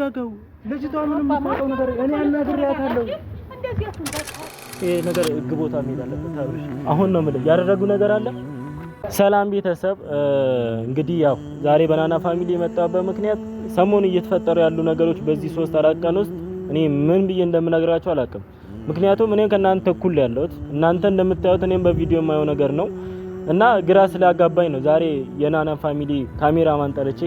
ተረጋጋው። ልጅቷ ምንም የምታውቀው ነገር እኔ አናግሬያታለሁ። ይሄ ነገር ህግ ቦታ መሄድ አለበት። አሁን ነው የምልህ ያደረጉ ነገር አለ። ሰላም ቤተሰብ፣ እንግዲህ ያው ዛሬ በናና ፋሚሊ የመጣበት ምክንያት ሰሞኑ እየተፈጠሩ ያሉ ነገሮች በዚህ ሶስት አራት ቀን ውስጥ እኔ ምን ብዬ እንደምነግራቸው አላውቅም። ምክንያቱም እኔ ከእናንተ እኩል ያለሁት እናንተ እንደምታዩት እኔም በቪዲዮ የማየው ነገር ነው እና ግራ ስላጋባኝ ነው ዛሬ የናና ፋሚሊ ካሜራማን ጠርቼ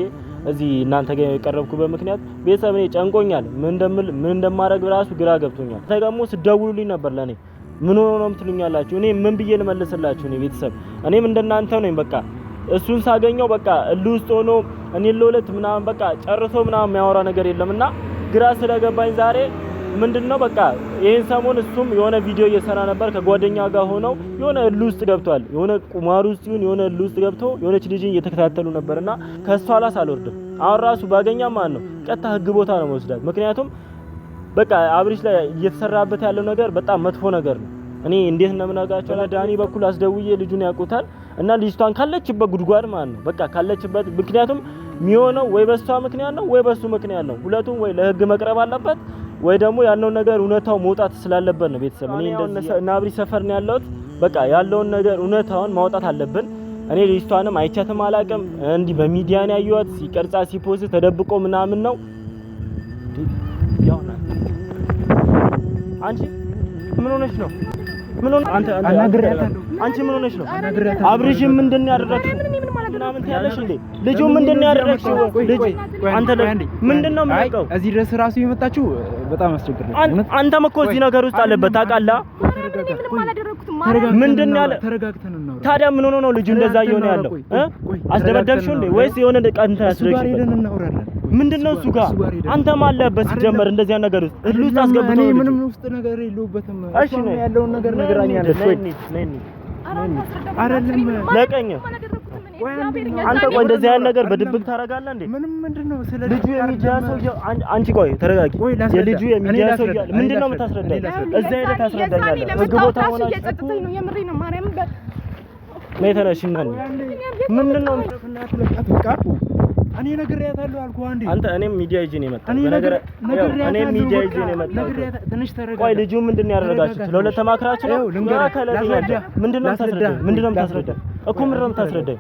እዚህ እናንተ ጋር የቀረብኩበት ምክንያት ቤተሰብ እኔ ጨንቆኛል። ምን እንደምል ምን እንደማደርግ ራሱ ግራ ገብቶኛል። ተቀሞ ስደውሉልኝ ነበር ለኔ ምን ሆኖ ነው ምትሉኛላችሁ? እኔ ምን ብዬ ልመልስላችሁ? እኔ ቤተሰብ እኔም እንደናንተ ነኝ። በቃ እሱን ሳገኘው በቃ እል ውስጥ ሆኖ እኔ ለሁለት ምናምን በቃ ጨርሶ ምናምን የሚያወራ ነገር የለምና ግራ ስለገባኝ ዛሬ ምንድን ነው በቃ ይህን ሰሞን እሱም የሆነ ቪዲዮ እየሰራ ነበር ከጓደኛ ጋር ሆነው የሆነ እልህ ውስጥ ገብቷል። የሆነ ቁማር ውስጥ ይሁን የሆነ እልህ ውስጥ ገብቶ የሆነች ልጅ እየተከታተሉ ነበር እና ከእሷ ላስ አልወርድም። አሁን ራሱ ባገኛ ማን ነው ቀጥታ ህግ ቦታ ነው መወስዳት። ምክንያቱም በቃ አብሪሽ ላይ እየተሰራበት ያለው ነገር በጣም መጥፎ ነገር ነው። እኔ እንዴት እንደምናውቃቸው ዳኒ በኩል አስደውዬ ልጁን ያውቁታል እና ልጅቷን ካለችበት ጉድጓድ ማለት ነው በቃ ካለችበት ምክንያቱም የሚሆነው ወይ በሷ ምክንያት ነው ወይ በሱ ምክንያት ነው። ሁለቱም ወይ ለህግ መቅረብ አለበት ወይ ደግሞ ያለውን ነገር እውነታው መውጣት ስላለበት ነው። ቤተሰብ እኔ እና አብሪ ሰፈር ነው ያለሁት። በቃ ያለውን ነገር እውነታውን ማውጣት አለብን። እኔ ልጅቷንም አይቻትም አላቅም። እንዲህ በሚዲያ ነው ያየኋት። ሲቀርጻ ሲፖስት ተደብቆ ምናምን ነው አንቺ ምን ሆነሽ ነው ምን ሆነ? አንተ አንቺ ምን ሆነሽ ነው? አብርሽ ምንድን ነው ያደረግሽው? ልጁ ምንድን ነው ያደረግሽው? ልጅ አንተ ምንድን ነው የምትቀው? እዚህ ድረስ ራሱ የመጣችው በጣም አስቸግር ነው። አንተም እኮ እዚህ ነገር ውስጥ አለበት ታውቃለህ። ምንድን ነው ያለ? ታዲያ ምን ሆኖ ነው ልጁ እንደዛ እየሆነ ያለው? አስደበደብሽው እንዴ ወይስ የሆነ ቀን ምንድነው? እሱ ጋር አንተ ማለበት ሲጀመር እንደዚህ ነገር ውስጥ እሉ ታስገብቶ ነው። ምንም ውስጥ ነገር የለውበትም። እሺ ነው ያለውን ነገር ነግራኛለች። አይደለም ለቀኝ አንተ ቆይ፣ እንደዚህ አይነት ነገር በድብቅ ታደርጋለህ እንዴ? ምንም ምንድነው? ስለ ልጁ የሚዲያ ሰው አንቺ፣ ቆይ ተረጋጊ። የልጁ የሚዲያ ሰው ምንድነው የምታስረዳኝ? እዛ ሄደህ ታስረዳኛለህ። ህግ ቦታ ሆነ እየጸጥተኝ ነው። የምሬ ነው። ማርያም በ ነው የተነሽና ምንድነው? እኔ ነግሬያታለሁ አልኩህ። አንዴ አንተ እኔም ሚዲያ ይዤ ነው የመጣሁት። ልጁ ምንድን ነው ያደረጋችሁት? ለሁለት ተማክራችሁ ነው? ምንድን ነው የምታስረዳኝ? ምንድን ነው የምታስረዳኝ እኮ? ምንድን ነው የምታስረዳኝ?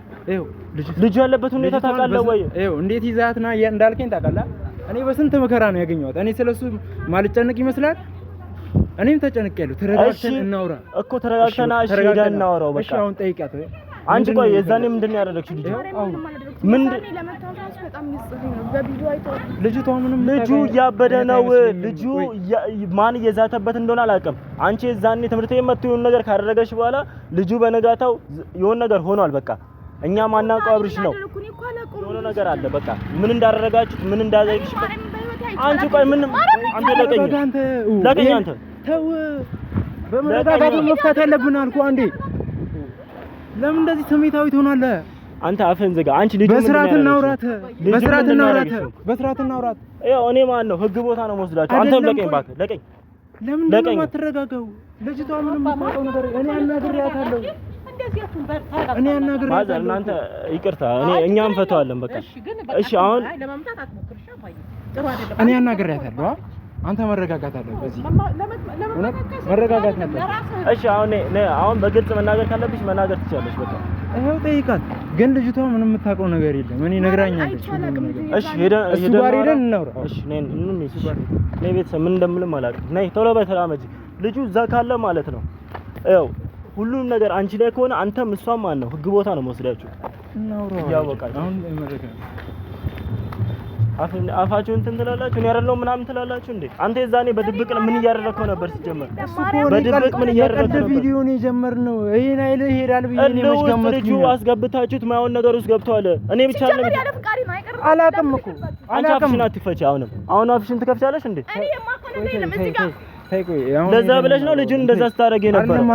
ልጁ ያለበት ሁኔታ ታውቃለህ ወይ? እንዴት ይዛት ና እንዳልከኝ ታውቃለህ። እኔ በስንት መከራ ነው ያገኘኋት። እኔ ስለሱ ማልጨንቅ ይመስላል? እኔም ተጨንቄያለሁ። ተረጋግተን እናውራ እኮ ተረጋግተና፣ እሺ ሄደን እናውራው። በቃ እሺ አሁን ጠይቂያት አንቺ ቆይ የዛኔ ምንድን ነው ያደረግሽው? ልጅ ምን ልጅቷ ምንም ልጁ እያበደ ነው። ልጁ ማን እየዛተበት እንደሆነ አላውቅም። አንቺ የዛኔ ትምህርት የመጣው የሆነ ነገር ካደረገሽ በኋላ ልጁ በነጋታው የሆነ ነገር ሆኗል። በቃ እኛ ማናውቀው አብርሽ ነው የሆነ ነገር አለ። በቃ ምን እንዳደረጋችሁ ምን እንዳዘይሽ አንቺ ቆይ ምን አንተ ለቀኝ ለቀኝ አንተ ተው። በመነጋታቱ መፍታት ያለብን አልኩህ አንዴ ለምን እንደዚህ ስሜታዊ ትሆናለህ? አንተ አፈን ዝጋ። አንቺ ልጅ በስርዓት እናውራት፣ በስርዓት እናውራት፣ በስርዓት እናውራት። ይኸው እኔ ማን ነው ህግ ቦታ ነው የምወስዳቸው። አንተም ለቀኝ እባክህ፣ ለቀኝ። ለምን እንደሆነ የማትረጋጋው ልጅቷ ምንም የምታውቀው ነገር እኔ አናግሬያታለሁ። እኔ አናግሬያታለሁ። እናንተ ይቅርታ፣ እኔ እኛም ፈተዋለን። በቃ እሺ፣ አሁን እኔ አናግሬያታለሁ። አንተ መረጋጋት አለ። በዚህ መረጋጋት አለ። እሺ፣ አሁን አሁን በግልጽ መናገር ካለብሽ መናገር ትችላለሽ። በቃ ይሄው ጠይቃት። ግን ልጅቷ ምንም የምታውቀው ነገር የለም። እኔ ነግራኛለች። እሺ፣ ሄደን እሱ ጋር ሄደን እናውራ። እሺ፣ ነን ቤተሰብ ምን እንደምልም አላውቅም። ነይ ቶሎ በይ ተራመጂ። ልጁ እዛ ካለ ማለት ነው። ይኸው ሁሉም ነገር አንቺ ላይ ከሆነ አንተም እሷም ማለት ነው። ህግ ቦታ ነው መወስዳችሁ። እናውራ ያው በቃ አሁን አፋችሁን እንትን ትላላችሁ፣ እኔ አይደለሁም ምናምን ትላላችሁ። እንዴ አንተ የዛኔ በድብቅ ምን እያደረከው ነበር? ሲጀመር በድብቅ ምን እያደረከው ነበር? ቪዲዮን የጀመርነው ይሄን አይለ ይሄዳል ብዬ ነው ገመት ልጁ አስገብታችሁት ማይሆን ነገር ውስጥ ገብቷል። እኔ ብቻ ነው አላቅም እኮ አንቺ አፍሽን አትክፈቺ። አሁንም አሁን አፍሽን ትከፍቻለሽ እንዴ? እኔ ለዛ ብለሽ ነው ልጁን እንደዛ ስታደርግ የነበረው።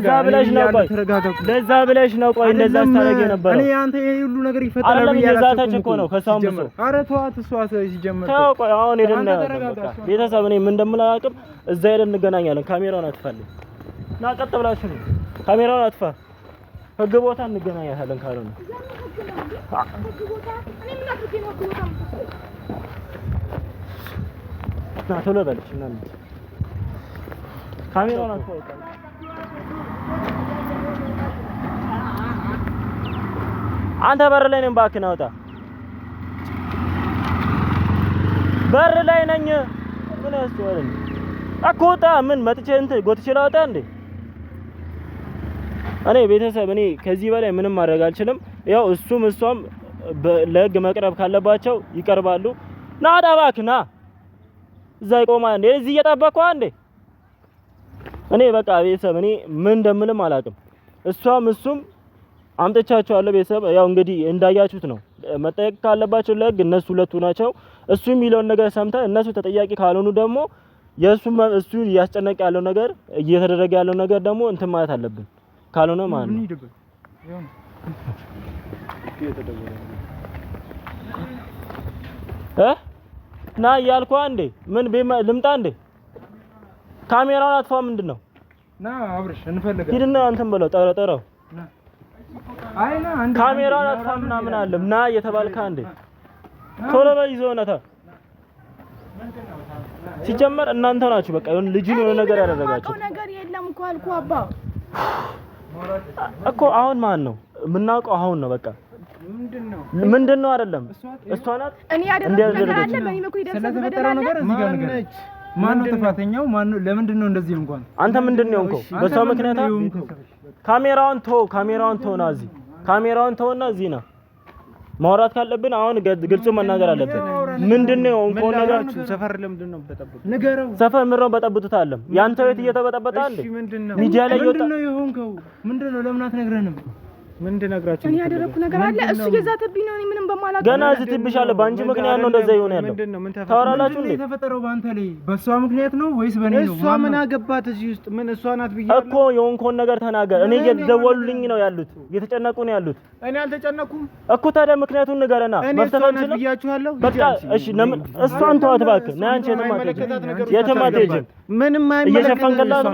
ለዛ ብለሽ ነው ቆይ፣ ለዛ ብለሽ ነው ቆይ፣ እንደዛ ስታደርግ የነበረው። እኔ አንተ ይሄ ሁሉ ነገር ይፈጠራል ነው ቆይ አሁን ቤተሰብ። እኔ ምን እንደምላቅም እዛ ሄደን እንገናኛለን። ካሜራውን አጥፋልኝ እና ቀጥ ብላችሁ ነው ካሜራውን አጥፋ። ህግ ቦታ እንገናኛለን ካልሆነ ና ቶሎ እና ምናምን 카메라만 켜볼까? አንተ በር ላይ ነኝ፣ እባክህ ና ውጣ። በር ላይ ነኝ። ምን ያስጨዋል እኮ ውጣ። ምን መጥቼ እንትን ጎትቼ ላውጣ እንዴ? እኔ ቤተሰብ እኔ ከዚህ በላይ ምንም ማድረግ አልችልም። ያው እሱም እሷም ለህግ መቅረብ ካለባቸው ይቀርባሉ። ና ውጣ እባክህ ና። እዛ ይቆማል እንዴ? እዚህ እየጠበቅኩህ እንዴ? እኔ በቃ ቤተሰብ እኔ ምን እንደምልም አላውቅም። እሷም እሱም አምጥቻቸዋለሁ። ቤተሰብ ያው እንግዲህ እንዳያችሁት ነው። መጠየቅ ካለባቸው ለህግ እነሱ ሁለቱ ናቸው። እሱ የሚለውን ነገር ሰምተ እነሱ ተጠያቂ ካልሆኑ ደግሞ የእሱ እሱ እያስጨነቀ ያለው ነገር እየተደረገ ያለው ነገር ደግሞ እንትን ማለት አለብን። ካልሆነ ማለት ነው እ ና እያልኳ እንዴ ምን ልምጣ እንዴ ካሜራውን አጥፋ። ምንድን ነው? ና አብርሽ እንፈልጋለን። ሂድና አንተም በለው ጠረጠረው። ካሜራውን አጥፋ ምናምን አለም። ና እየተባልካ እንዴ ቶሎ በል ይዞ ነታ። ሲጀመር እናንተ ናችሁ በቃ ይሁን ልጅ ነው ነገር ያደረጋችሁ ነገር የለም እኮ አልኩ አባ እኮ አሁን ማን ነው የምናውቀው? አሁን ነው በቃ ምንድነው ምንድነው አይደለም፣ እሷ ናት። እኔ ያደረገ ነገር አለ በእኔ በኩል ይደርሳል። በደል ነገር ማን ነው ጥፋተኛው? ማን ነው? ለምንድን ነው እንደዚህ? እንኳን አንተ ምንድን ነው እንኮ በሷ ምክንያት ካሜራውን ተው ና እዚህ፣ ካሜራውን ተው ቶና እዚህ ካሜራውን ቶና እዚህ ና ማውራት ካለብን አሁን ግልጹ መናገር አለብን። ምንድን ነው እንኮ ነገር ሰፈር ለምንድን ነው በጠበጡት? ንገረው። ሰፈር ምንድን ነው በጠበጡት? አለም ያንተ ቤት እየተበጠበጠ አለ ሚዲያ ላይ ይወጣ። ምንድን ነው የሆንከው? ምንድን ነው ለምን አትነግረንም? ምን እንድነግራችሁ እኔ ያደረኩ ነገር አለ። እሱ የዛተብኝ ነው። እኔ ምንም በማላውቅ ገና ዝትብሻለሁ። በአንቺ ምክንያት ነው እንደዛ የሆነ ያለው። ምን ታወራላችሁ እንዴ? የተፈጠረው በአንተ ላይ በእሷ ምክንያት ነው ወይስ በእኔ ነው? እሷ ምን አገባት እዚህ ውስጥ? ምን እሷ ናት ብዬ እኮ የሆንከውን ነገር ተናገር። እኔ እየደወሉልኝ ነው ያሉት፣ እየተጨነቁ ነው ያሉት። እኔ አልተጨነኩም እኮ። ታዲያ ምክንያቱን ንገረና መፍታት ብያችኋለሁ። በቃ እሺ፣ እሷን ተዋት እባክህ። ና አንቺ የትም አትሄጂም ምንም እየሸፈንክላት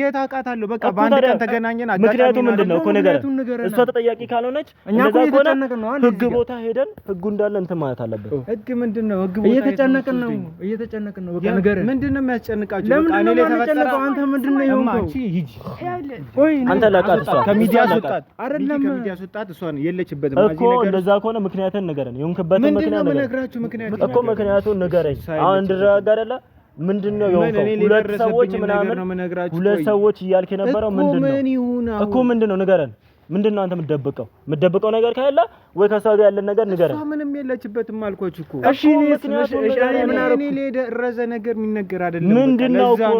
የት አውቃታለሁ? በቃ በአንድ ቀን ተገናኘን። ምክንያቱ ምንድን ነው እኮ ንገረን። እሷ ተጠያቂ ካልሆነች ህግ ቦታ ሄደን ህጉ እንዳለ እንትን ማለት አለብን። ህግ ምንድን ነው? ህግ ቦታ እየተጨነቅን ነው፣ እየተጨነቅን ነው። በቃ ንገረን። ምንድን ነው የሚያስጨንቃችሁ? ለምን ነው አንተ ምንድን ነው አንተ እሷ ከሚዲያ አስወጣት፣ አይደለም ከሚዲያ አስወጣት። የለችበትም እኮ። እንደዛ ከሆነ ምክንያትን ንገረን፣ የሆንክበትን ምክንያት እኮ። ምክንያቱን ንገረኝ፣ አሁን እንድረጋጋ አይደለ ምንድን ነው ሁለት ሰዎች ምናምን ሁለት ሰዎች እያልክ የነበረው ምንድን ነው እኮ? ምንድን ነው ንገረን። ምንድን ነው አንተ የምትደብቀው? የምትደብቀው ነገር ካለ ወይ ከሷ ጋር ያለን ነገር ንገረን። እሷ ምንም የለችበትም አልኮች እኮ። እሺ እኔ ምን አደረኩ? እኔ የደረሰ ነገር የሚነገር አይደለም። ምንድን ነው እኮ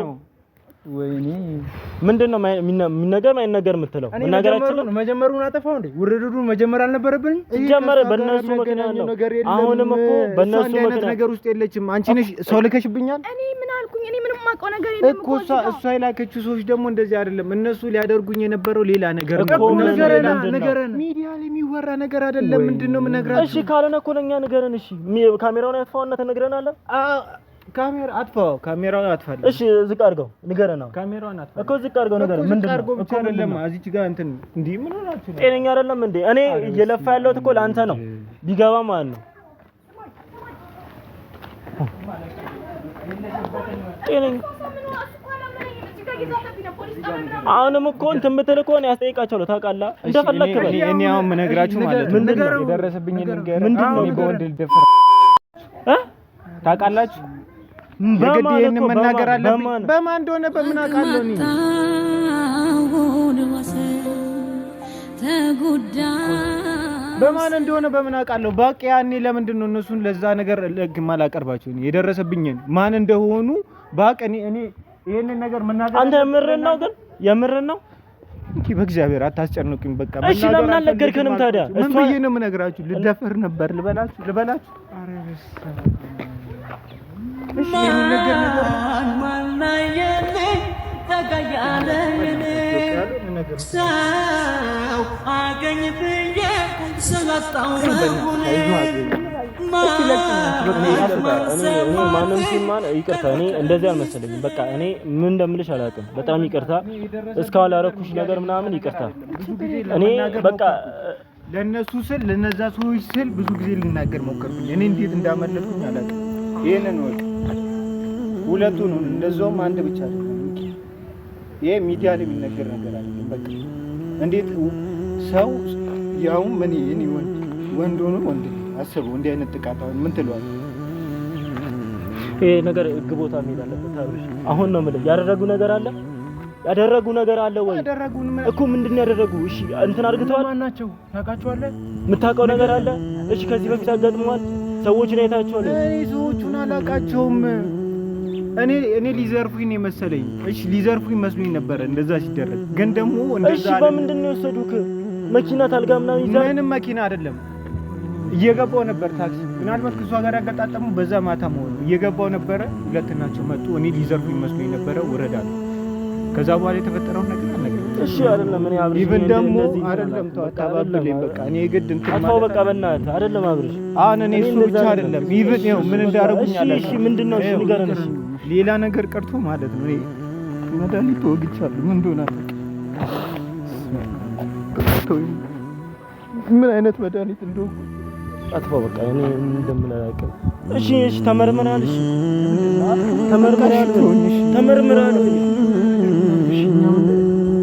ወይኔ ምንድን ነው የሚነገር ማይነገር የምትለው? መናገራችን ነው መጀመሩን አጠፋው እንዴ? ውርድዱን መጀመር አልነበረብንም? ይጀመረ በእነሱ ምክንያት ነው። አሁንም እኮ በእነሱ ምክንያት ነገር ውስጥ የለችም። አንቺ ነሽ ሰው ልከሽብኛል። እኔ ምን አልኩኝ? እኔ ምንም ማውቀው ነገር የለም እኮ እሷ እሷ የላከችው ሰዎች ደግሞ እንደዚህ አይደለም። እነሱ ሊያደርጉኝ የነበረው ሌላ ነገር ነው። ነገረን ሚዲያ ላይ የሚወራ ነገር አይደለም። ምንድን ነው የምነግራችሁ? እሺ ካልሆነ እኮ ለእኛ ንገረን። እሺ ካሜራውን ያጥፋውና ተነግረናለን። ካሜራ አጥፋው፣ ካሜራውን አጥፋልኝ። እሺ ዝቅ አድርገው ነው። ካሜራውን አጥፋልኝ እኮ ዝቅ አድርገው ንገረን። ምንድን ነው እኮ አይደለም፣ እዚች ጋር እንትን እንዴ፣ ምን ሆናችሁ? ጤነኛ አይደለም እንዴ? እኔ እየለፋ ያለሁት እኮ ለአንተ ነው፣ ቢገባ ማለት ነው። ጤነኛ አሁንም እኮ እንትን ብትል እኮ ነው ያስጠይቃቸዋለሁ። ታውቃለህ፣ እንደፈለክ በል። እኔ አሁን የምነግራችሁ ማለት ነው ምንድን ነው የደረሰብኝ። ልንገርህ፣ ምንድን ነው በወንድ ልደፈር ታውቃላችሁ የግድ ይህን መናገር አለብኝ። በማን እንደሆነ በምን አውቃለሁ? በማን እንደሆነ በምን አውቃለሁ? በቃ ያኔ ለምንድን ነው እነሱን ለዛ ነገር ለግማ አላቀርባቸው? የደረሰብኝን ማን እንደሆኑ በቃ እኔ እኔ ይሄንን ነገር መናገር አንተ የምርን ነው ግን የምርን ነው እንዴ? በእግዚአብሔር አታስጨንቁኝ። በቃ እሺ፣ ለምን አልነገርከንም ታዲያ? ምን ብዬ ነው የምነግራችሁ? ልደፈር ነበር ልበላችሁ ልበላችሁ ሰው አገኝ ብዬ ማንም ሲማን ይቅርታ፣ እኔ እንደዚህ አልመሰለኝም። በቃ እኔ ምን እንደምልሽ አላውቅም። በጣም ይቅርታ፣ እስካሁን ላደረኩሽ ነገር ምናምን ይቅርታ። እኔ በቃ ለእነሱ ስል ለነዛ ሰዎች ስል ብዙ ጊዜ ልናገር ሞከርኩኝ። እኔ እንዴት እንዳመለጥኩኝ አላውቅም። ይህንን ወ ሁለቱ እንደዛውም አንድ ብቻ ይሄ ሚዲያ ላይ የሚነገር ነገር አለ። በቃ እንዴት ሰው ምን ይህን ወንድ ሆኖ ወንድ አስቡ፣ እንዲህ አይነት ጥቃት ምን ትለዋል? ይሄ ነገር ህግ ቦታ አለበት። አሁን ነው የምልህ ያደረጉ ነገር አለ ያደረጉ ነገር አለ ወይ? እኮ ምንድን ያደረጉ? እሺ እንትን አድርግተዋል። ታውቃቸዋለህ? የምታውቀው ነገር አለ? እሺ ከዚህ በፊት አጋጥመዋል? ሰዎችን አይታቸዋለህ? አላቃቸውም። እኔ እኔ ሊዘርፉኝ ነው መሰለኝ። እሺ ሊዘርፉኝ መስሎኝ ነበረ እንደዛ ሲደረግ፣ ግን ደግሞ እንደዛ እሺ። በምንድን ነው የወሰዱክ? መኪና ታልጋ ምናምን ይዛ? ምንም መኪና አይደለም። እየገባው ነበር ታክሲ። ምናልባት ከሷ ጋር ያገጣጠሙ በዛ ማታ መሆኑ እየገባው ነበረ። ሁለት ናቸው መጡ። እኔ ሊዘርፉኝ መስሎኝ ነበረ። ውረዳሉ። ከዛ በኋላ የተፈጠረው ነገር እሺ አይደለም እኔ አብርሽ ኢቭን ደግሞ አይደለም በቃ እኔ እንትን ማለት በቃ በእናትህ አይደለም አብርሽ አሁን እኔ እሱ ብቻ አይደለም ምን እንዳደረጉኝ አለ እሺ እሺ ንገረን እሺ ሌላ ነገር ቀርቶ ማለት ነው እኔ መድኃኒት ወግቻለሁ ምን እንደሆነ ምን አይነት መድኃኒት እንደሆነ በቃ እኔ እሺ እሺ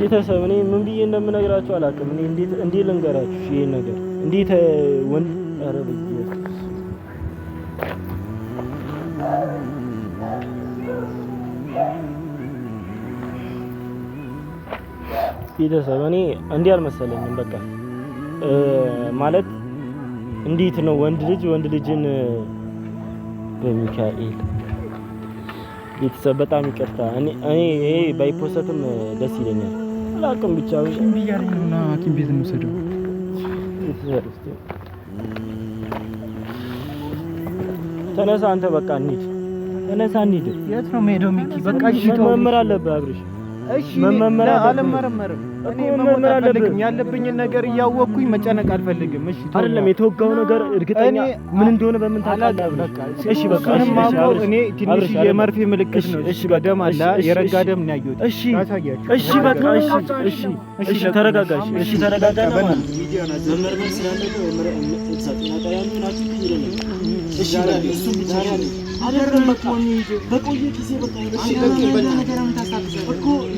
ቤተሰብ እኔ ምን ብዬ እንደምነግራችሁ አላውቅም። እኔ እንዴት እንዴት ልንገራችሁ ይሄን ነገር እንዴት ወንድ ኧረ ቤተሰብ እኔ እንዲህ አልመሰለኝም። በቃ ማለት እንዴት ነው ወንድ ልጅ ወንድ ልጅን በሚካኤል ቤተሰብ በጣም ይቅርታ እኔ ይሄ ባይፖሰትም ደስ ይለኛል። ላቅም ብቻ እያለኝ ነው። ሐኪም ቤት እንውሰደው። ተነሳ አንተ በቃ እንሂድ። ተነሳ እንሂድ። የት ነው የምሄደው? ሚኪ በቃ መመርመር አለብህ አብርሽ። እሺ መመርመር አለብህ። አልፈልግም። ያለብኝን ነገር እያወቅኩኝ መጨነቅ አልፈልግም። እሺ አይደለም የተወጋው ነገር እርግጠኛ ምን እንደሆነ በምን ታውቃለህ? እሺ በቃ እኔ ትንሽ የመርፌ ምልክት ነው። እሺ ደም አለ፣ የረጋ ደም ነው ያየሁት። እሺ እሺ በቃ እሺ እሺ እሺ ተረጋጋ። እሺ ተረጋጋ ነው